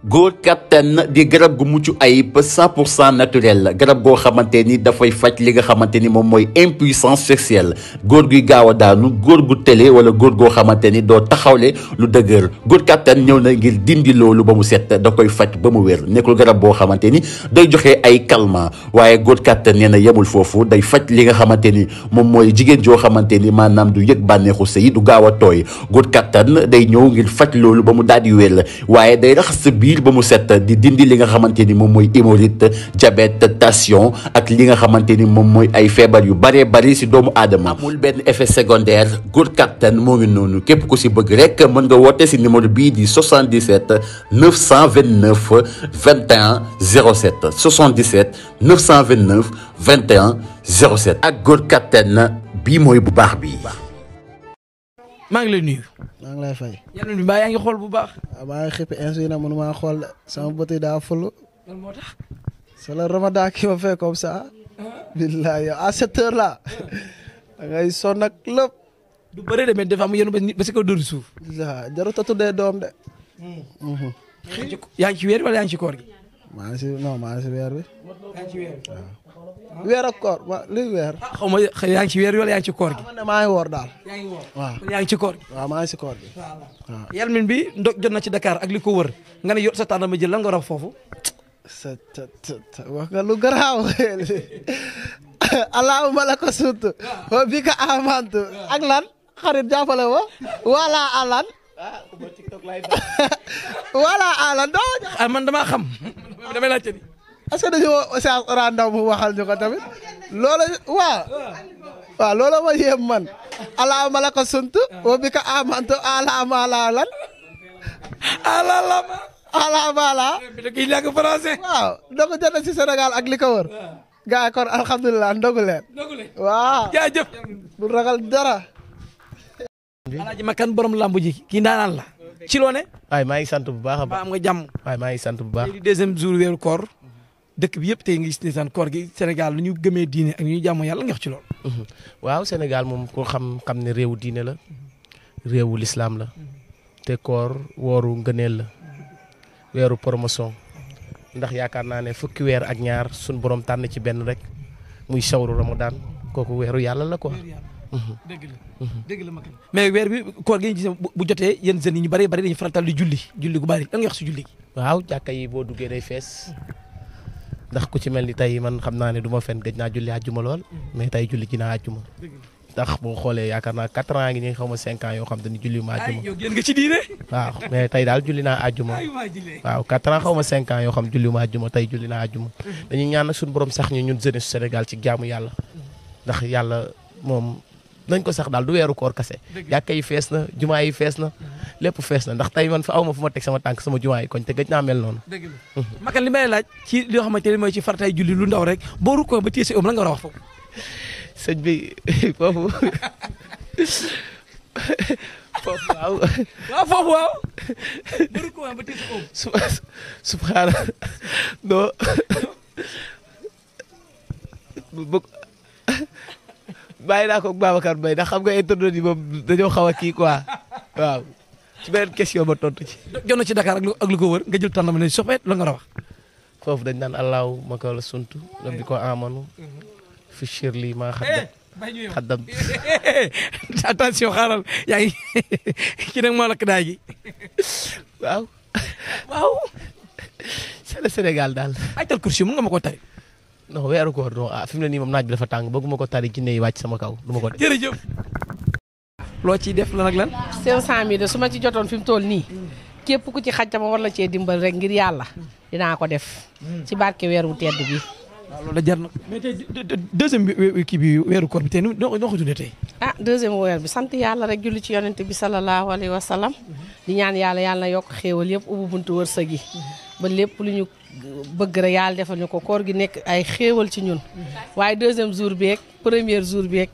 góor kattan di garab gu mucc ay cent pour cent naturel garab goo xamante ni dafay faj li nga xamante ni moom mooy impuissance sexuelle góor guy gaaw a daanu góor gu tële wala góor goo xamante ni doo taxawle lu dëgër góor kattan ñëw na ngir dindi loolu ba mu set da koy faj ba mu wér nekkul garab boo xamante ni day joxe ay calmants waaye góor kattan nee na yemul foofu day faj li nga xamante ni moom mooy jigéen joo xamante ni maanaam du yëg bànneexu sëy du gaaw a tooy góor kattan day ñëw ngir faj loolu ba mu daal di wér waaye huile ba mu set di dindi li nga xamante ni moom mooy hémorroïde diabète tension ak li nga xamante ni moom mooy ay feebar yu bëree bëri si doomu aadama amul benn effet secondaire góor kattan moo ngi noonu képp ku si bëgg rek mën nga woote si numéro bii di 77 929 21 07 77 929 21 07 ak góor kattan bii mooy bu baax bi maa ngi lay nuyu. maa ngi lay fay. yàlla ngi xool bu baax. waaw ah, maa ngi xippi insuline nag mënuma xool sama bët yi daa fulu. loolu moo tax. c'est le ramadan qui m'a fait comme ça. Ah. billahi yow à cette heure ah. du bëree de mais dafa am yenn ba si kaw dóor suuf. waaw tuddee doom de. Hmm. Mhm. yaa ngi ci wér wala yaa koor gi. maa ngi si weer bi. weer bi ah. koor ma weer. ah xaw ma yaa ci weer wala yaa ci koor gi. Ah, man de daal. yaa ngi woor waaw yaa ngi ci koor gi. waaw maa ngi bi ndog jot na ci Dakar ak li wër nga ne yor sa tànn ma jël lan nga wax foofu. sa nga lu garaaw. allahumma la ko sut. wa bi ka ak lan xarit jàppale ma. wala alan ah ku doo ah man xam damay laajte ni. est-ce que dañoo saa mu waxal ñu ko tamit loola waaw. waaw loola ma yéem man. ala la ko sunt. wa bi amantu ala la lan. ala la ma. ala la. kii làkk français. si Sénégal ak li wër. Ah. gaa kon alhamdulilah ndogu leen. ndogu ragal dara. alaaji makan borom ji kii ndaanaan la ci loo ne maa ngi sant bu baax a baax nga jàmm maa ngi sant bu baax di deuxième jour weeru dëkk bi yëpp tey nga san koor gi Sénégal lu ñu gëmee diine ak ñu jàmm yàlla nga ci loolu mhm. waaw Sénégal moom ko xam xam ne réewu diine la réewu lislaam la te koor wooru ngëneel la weeru promotion ndax yaakaar naa ne fukki weer ak ñaar suñ borom tànn ci benn rek muy sawru ramadan kooku weeru yàlla la ko dëgg la mhm. dëgg la Macky mais weer bi koor gi gis bu jotee yéen jeunes yi ñu bari bari dañuy faratal di julli julli gu bari lan nga wax si julli gi waaw jàkka yi boo duggee day fees ndax ku ci mel ni tey man xam naa ne du ma fen gëj naa julli àjjuma mhm. mais tey julli ci naa àjjuma ndax boo xoolee yaakaar naa quatre ans ngi ñu xaw ma cinq ans yoo xam te ni julli ma àjjuma mais tey daal julli naa àjjuma waaw quatre ans xaw ma cinq yoo xam julli ma àjjuma tey julli naa àjjuma mhm. dañuy ñaan nag suñu borom sax ñu ñun jeunesse Sénégal ci jaamu yàlla ndax yàlla moom nañ ko sax daal du weeru koor kase jàkka yi fees na jumaa yi fees na lépp fees na ndax tey man fa aw ma ma teg sama tànk sama jumaa koñ te gëj naa mel noonu mhm. makan li may laaj ci li nga xamante ne mooy ci faratay julli lu ndaw rek boo rukkoo sa om la war a wax foofu sëñ bi foofu bàyyi naa ko Babacar bay ndax xam nga internet yi moom dañoo xaw a kii quoi waaw ci beneen question ba tontu ci. jonn ci Dakar ak lu ak lu ko wër nga jël tànnam ne soppeet la nga war a wax. foofu dañ naan allahu maka la suntu la ko amanu fi shir lii maa xaddam xaddam attention xaaral yaa ngi ki nag moo waaw waaw c'est le Sénégal daal. aytal kursi mun nga ma ko tari non weeru koor non ah mu ne nii moom naaj bi dafa tàng bëgguma ko tari ci ney wàcc sama kaw du ko def. loo ciy def la nag lan. 500000 de su ma ci jotoon fi mu toll nii. képp ku ci xaj ma war la cee dimbal rek ngir yàlla. dinaa ko def. ci barke weeru tedd bi. waaw loolu jar na kii bi weeru koor bi tey noo ko dundee tey. ah deuxième weer bi sant yàlla rek julli ci yonent bi sallallahu alayhi wa di ñaan yàlla yàlla yokk xéewal yëpp ubbi buntu wërsëg yi. ba lépp lu ñu bëgg rek yàlla defal ñu ko koor gi nekk ay xéewal ci ñun waaye deuxième jour bi ak premier jour bi ak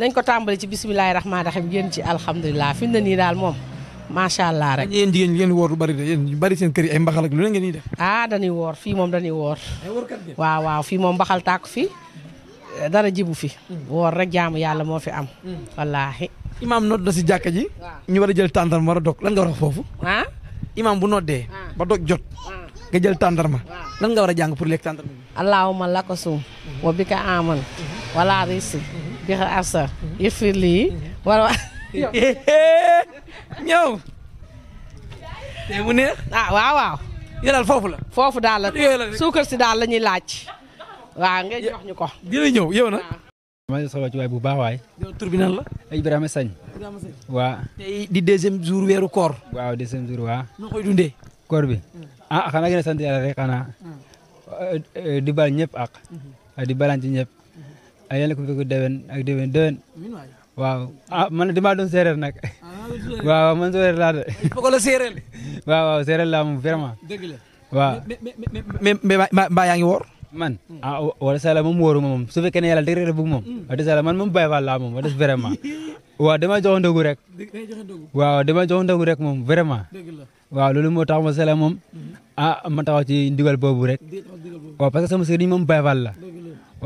nañ ko tàmbali ci bisimilahi rahmaani rahim génn ci alhamdulilah fi mu ne nii daal moom macha allah rek. yéen jigéen ñi ngeen woor lu bari de ñu bari seen kër yi ay mbaxal ak lu ne ngeen ñuy def. ah dañuy woor fii moom dañuy woor. waaw waaw fii moom mbaxal tàkk fi dara jibu fi. Mm. woor rek jaamu yàlla moo fi am. Mm. wallaahi. imaam noot na si jàkk ji. ñu war a jël tàntan war a dog foofu. Ah? imaam bu noddee ah. ba dog jot ah. nga jël tàndarma ah. lan nga war a jàng pour lekk tàndarma bi allahumma laka sum wa aman wala risi bi asa yëfir lii war wa ñëw te neex ah waaw waaw yéen foofu la foofu daal la suukar si daal la ñuy laaj ñu ko dina ñëw yow na ma ngi soxla ci waay bu baax waay. tur la. Ibrahima Sagne. Ibrahima Sagne waaw. di deuxième jour weeru koor. waaw deuxième jour waaw. koor bi ah xanaa gën a sant yàlla di baal ñëpp ak di balante ñëpp ak yàlla ko fekk déwén ak déwén déwén waaw ah man damaa doon séeréer nag waaw man séeréer laa de. foog la séeréer. waaw waaw laa moom vraiment. dëgg la woor. man ah wala sala moom wóoruma moom su fekkee ne yàlla dëgg rek bëgg moom wax dëgg sala man moom Baye Fall laa moom wax dëgg vraiment waaw dama rek waaw dama jox ndogu rek moom vraiment waaw loolu moo tax ma sala moom mhm. ah ma taxaw ci ndigal boobu rek waaw parce que sama sëriñ moom Baye Fall la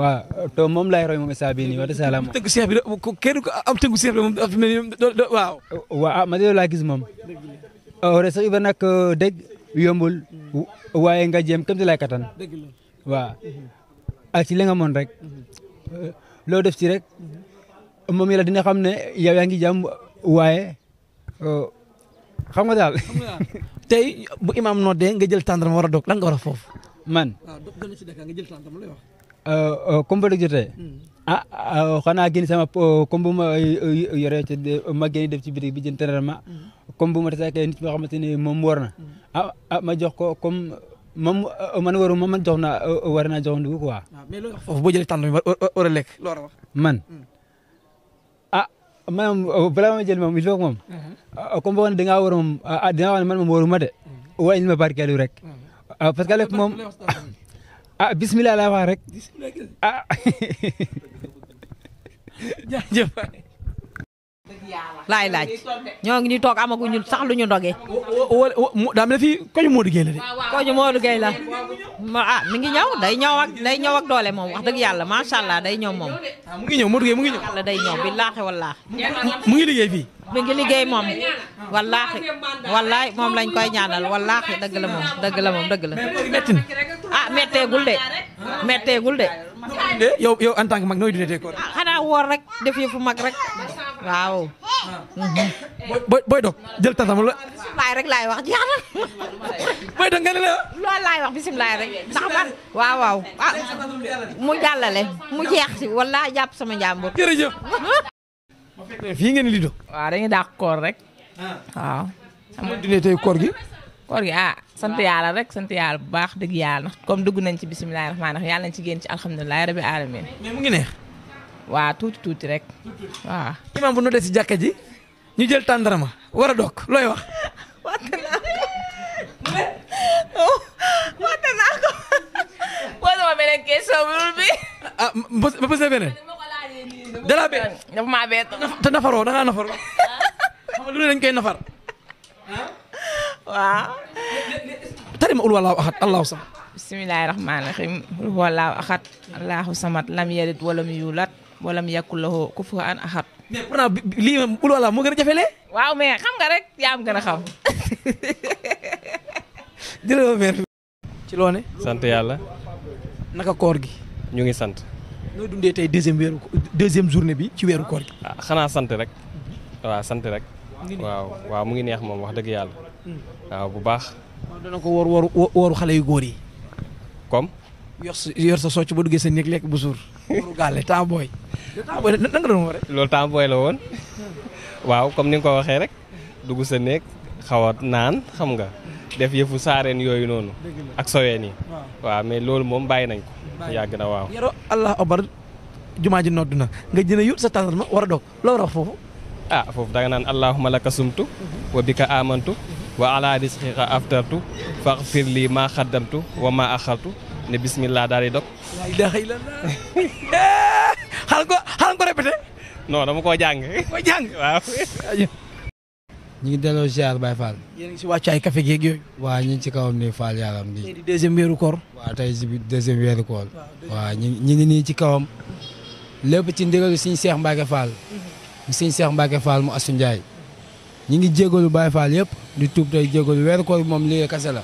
waaw to moom laay roy moom isa bi nii wax dëgg sala moom tëggu chef bi kenn ko ah, ma laa gis moom ore sax iba nag dégg yombul mm. waaye nga jéem kam ti lay kattan wa a ci li nga mën rek loo def ci rek moom yàlla dina xam ne yow yaa ngi jàmm waaye oh, xam nga daal. tey bu imaam noddee nga jël tàndaram war a dog lan nga war foofu. man waaw ah, dog gën a si ba dëgg jotee. Hmm. Ah, ah xanaa génn sama uh, comme bu ma uh, uh, yoree ci ma génn def ci biir bi jënd tàndaram ma hmm. comme bu ma tasaakee nit ñi nga xamante ni moom war hmm. ah, ma jox ko moom euh, man waru ma man jox naa euh, euh, war naa jox dugub quoi. waaw ah, mais loolu foofu boo jëlee war a lekk man hmm. ah maanaam balaa ma jël il faut que moom. Hmm. comme boo xam ne da ngaa war a moom ah, ah dinaa wax ma de. Hmm. waaye ñu ma barkeelu rek. Ah, parce que lépp moom ah bisimilah laa wax rek ah. laay laaj ñoo ngi ni toog amaguñu sax lu ñu doge. daa mel ne fii koñu Modou Gueye la de. koñu Modou Gueye la ah mi ngi ñëw day ñëw ak day ñëw ak doole moom wax dëgg yàlla macha allah day ñëw moom. Ah, mu ngi ñëw Modou Gueye mu ngi ñëw. yàlla day ñëw billaahi wallaahi. mu ngi liggéey fii. mi ngi liggéey moom wallaahi wallaahi moom lañ koy ñaanal wallaahi dëgg la moom dëgg la moom dëgg la. métti na ah gul de métteegul de. Eh, yow yow en tant que mag nooy dundee koor. ah xanaa woor rek def yëfu mag rek waaw. booy booy dog jël tasam la. bisimilah rek laay wax jeex bisimilah rek. ndax man waaw waaw ah, mu jàllale mu jeex si wala jàpp sama njaam njàmbur. jërëjëf. fii ngeen lido. waaw dañuy dàq koor rek. Ah. waaw. xam nga tey koor gi. koor gi ah sant yàlla rek sant yàlla bu baax dëgg yàlla comme dugg nañ ci bisimilah rahmaani rahiim yàlla nañ ci génn ci alhamdulilah rabi alamin waa tuuti tuuti rek waaw. imaam bu nu dee si ñu jël tàndarama war a looy wax. wàtte naa ko wàtte naa ko. posé ma beneen question bi. ah, ah ma posé beneen. da laa bett nafaroo da nafaroo. xam nga lu ul walaaw axat allahu samad. lam yalid walam yulat mu yàkkul la ko fu an axat. mais pourtant lii bul wala moo gën a jafelee. waaw mais xam nga rek yaa am gën a xam. jërëjëf loone sant yàlla. naka koor gi. ñu ngi sant. noo dundee tey deuxième weeru deuxième journée bi ci weeru koor gi. ah xanaa sant rek. Mhm. waaw sant rek. waaw waaw mu ngi neex moom wax dëgg yàlla. Hmm. waaw bu baax. dana ko wor woru xale yu góor yi. comme. yor sa yor sa socc ba duggee sa néeg lekk bu suur. pour gàlle tàmbooy. tàmbooy nan la woon waaw comme ni nga ko waxee rek dugg sa néeg xaw a naan xam nga def yëfu saareen yooyu noonu. ak soween waaw mais loolu moom bàyyi nañ ko. yàgg na waaw. yaroo allah abar jumaa ji nodd na nga jëne yut sa tàndarma war a doog loo war a wax foofu. ah foofu danga naan allahumma laka sumtu. Mhm. wa bika amantu. wa ala risqika aftartu. faghfir li ma xaddamtu wa ma axartu. ne bismillah daal di dog. waaye daa xëy lan xaaral ko xaaral ko répété. non dama koo jàng. koo jàng waaw. ñu ngi delloo ziar Baye Fall. yéen a ngi si wàccaay café geeg yooyu. waa ñu ngi ci kawam nii Fall yàlla am. tey di deuxième weeru si deuxième nii ci kawam. lépp ci ndigalu Seex Mbacke Fall. suñu mm-hmm. Seex Mbacke Fall mu Assou Ndiaye. ñu ngi jégalu Baye Fall yëpp. di tuub tey jégalu weeru koor bi moom lii kase la.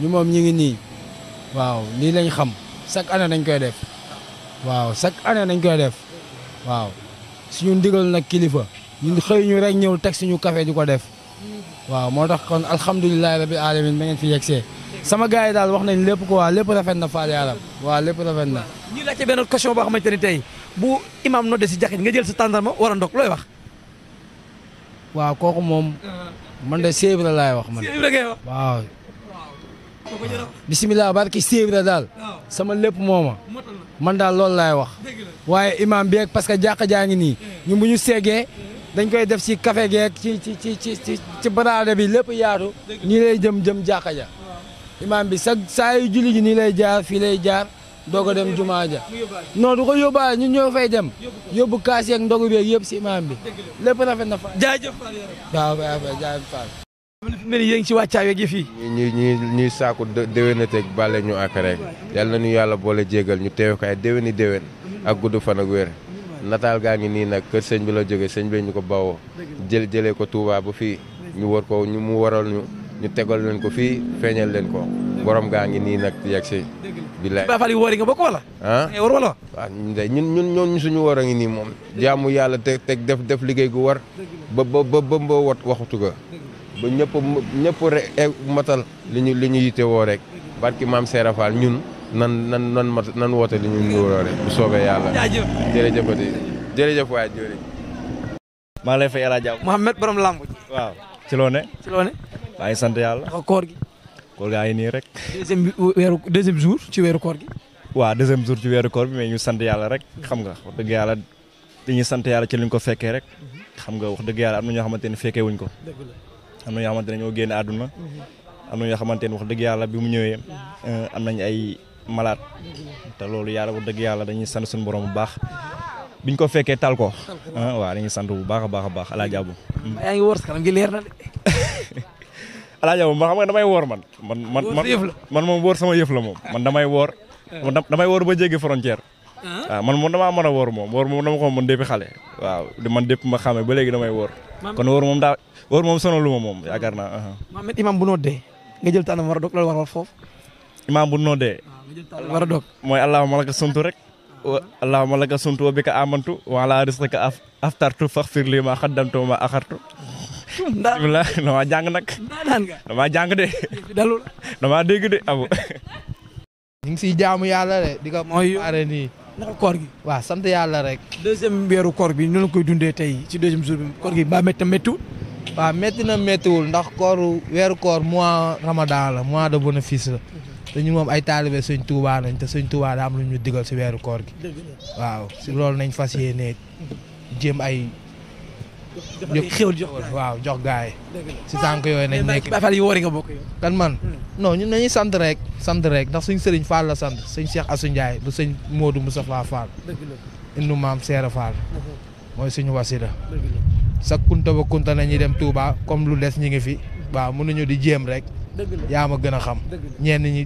moom ñu ngi waaw lii lañ xam chaque année dañ koy def waaw chaque année dañ koy def waaw suñu ndigal nag kilifa ñun xëy ñu rek ñëw teg suñu café di ko def waaw moo tax kon alhamdulilahi rabbil alamin ba ngeen fi yegsee sama gars yi daal wax nañ lépp ko waa lépp rafet na faal yaaram waaw lépp rafet na ñu laajte benn question boo xamante ni tey bu imaam nodde si jaxit nga jël si tàndarma war a ndog looy wax waaw kooku moom man de Cheikh laay wax man waaw bisimilah barki siibra daal sama lépp mooma man daal loolu laay wax waaye imam beeg parce que jàkka jaa ngi nii eh. ñun bu ñu seegee dañ koy def si café geeg ci ci ci ci ci bi lépp yaatu nii lay jëm jëm jàkka ja imam bi sa saa yu julli ji nii lay jaar fii lay jaar doog dem jumaa ja non du ko yóbbaale fay dem yóbbu kaas yeeg ndogu beeg si imam bi lépp rafet na fa jaajëf mel ci wàccaay weeg yëf yi ñuy ñuy ñuy saaku déwénateeg bàlle ñu ak rek yàlla nañu yàlla boole jégal ñu teew ko ay déwéni déwén gudd fan ak nataal gaa ngi nii nag sëñ bi la jógee sëñ bi ko bawoo jël jëlee ko Touba ba fii ñu war ko ñu mu waral ñu tegal leen ko fii feeñal leen ko borom gaa ngi nii nag yegg si bilaay Baay Faal yi woori nga ñun ñun ñun ñoon suñu war a ngi nii moom jaamu yàlla te teg def def liggéey gu war ba ba ba ga ba ñëpp ñëpp e-, matal li ñu li ñu yitewoo rek barki maam Seera Fall ñun nan nan nan mat nan woote li ñu ñëwoo rek bu soobee yàlla. jaajëf jërëjëfati jërëjëf waay jërëjëf. maa la lay fay El Hadj Mouhamed borom lamb waaw ci loo ne. ci loo ne. maa ngi sant yàlla. waaw koor gi. koor gi ay nii rek. Euh, deuxième jour ci weeru koor gi. waaw deuxième jour ci weeru koor bi mais ñu sante yàlla rek xam nga wax dëgg yàlla dañuy sant yàlla ci liñ ko fekkee rek mhm. xam nga wax dëgg yàlla am na ñoo xamante ne fekkee wuñ ko. am na ñoo xamante ne ñoo génn àdduna am na ñoo xamante ne wax dëgg yàlla bi mu ñëwee eh, am nañ ay malaat te loolu yàlla wax dëgg yàlla dañuy sant suñu boroom bu baax biñ ko fekkee taal ko ah, waaw dañuy sant bu baax a baax a baax alaa jaabu mm. yaa ngi wóor kanam gi leer na de alaa jaabu ma xam nga damay woor man man man man moom woor sama yëf la moom man damay woor eh. damay woor ba jéggi frontière waaw ah. ah, man moom damaa mën a woor moom woor moom dama ko mën depuis xale waaw man depuis ma xamee ba léegi damay woor kon woor moom daal war moom sono lu ma moom yaakaar naa. Uh-huh. Mohamed imam bu noddee nga jël tànn war a dog loolu war a war foofu. imam bu noddee. Ah, war a dog mooy allahumma laka sumtu rek. allahumma laka sumtu wa bika amantu wa ala rizqika aftartu faghfir ma qaddamtu ma akhartu. bismillah damaa jàng nag. damaa jàng de. damaa dégg de abu. ñu ngi siy jaamu yàlla de di ko. gi. waaw sant yàlla rek. deuxième weeru koor bi ñu la koy dundee tey ci deuxième waaw métti na méttiwul ndax kooru weeru koor mois ramadan la mois de bénéfice la te ñu moom ay taalibe sëñ Tuubaa nañ te Tuubaa daa lu ñu digal si weeru koor gi waaw si loolu nañ fas yéene jéem ay xéwal jox waaw gaay si tànk yooyu nañ nekk bafal yi woori nga bokk kan man hmm. non ñun nañuy sant rek sant rek ndax suñ sëriñ Fall la sant sëñ Cheikh Assou Ndiaye bu sëñ Modou Moustapha Fall indu maam Seera Fall hmm. mooy suñu wasila sa kunta ba kunta nañuy dem Touba comme lu des ñi ngi fi waaw mënuñu di jéem rek. yaa ma gën a xam. ñenn ñi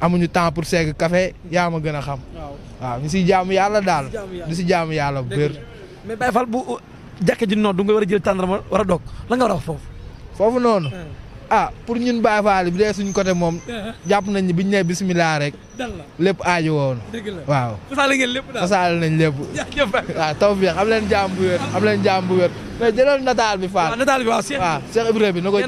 amuñu temps pour segg café yaa ma gën a xam. waaw ñu si jaamu yàlla daal. ñu si jaamu yàlla bu wér. mais Baye Fall bu jàkkee ji noonu du nga war a jël tàndarma war a doog la nga war a foofu. foofu noonu. Ah. ah pour ñun Baye Fall bi dee suñ côté moom. Uh-huh. jàpp nañ ne biñ nee bisimilah rek. lépp aaju woon. dëgg la waaw. fasaale ngeen lépp daal fasaale nañ lépp. jaajëf waaw tawfeex am leen jaam bu wér am leen bi Fall. waaw bi waaw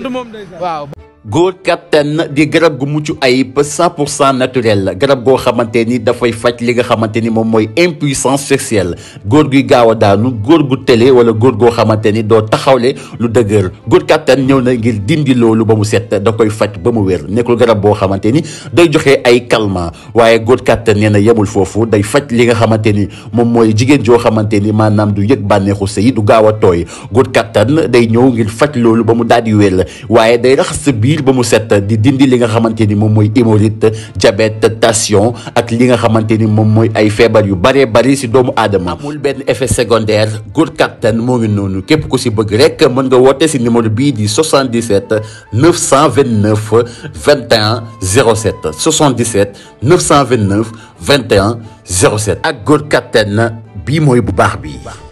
waaw. góor kattan di garab gu mucc ayib cent pour cent naturel garab goo xamante ni dafay faj li nga xamante ni moom mooy impuissance sexuelle góor guy gaaw a daanu góor gu tële wala góor goo xamante ni doo taxawle lu dëgër góor kattan ñëw na ngir dindi loolu ba mu set da koy faj ba mu wér nekkul garab boo xamante ni day joxe ay calmant waaye góor kattan nee na yemul foofu day faj li nga xamante ni moom mooy jigéen joo xamante ni maanaam du yëg bànneexu sëy du gaaw a tooy góor kattan day ñëw ngir faj loolu ba mu daal di wér ba mu set di dindi li nga xamante ni moom mooy hémorroïde diabète tension ak li nga xamante ni moom mooy ay feebar yu bëree bëri si doomu aadama amul benn effet secondaire góor kattan moo ngi noonu képp ku si bëgg rek mën nga woote si numéro bii di 77 929 21 07 77 929 21 07 ak góor kattan bii mooy bu baax bi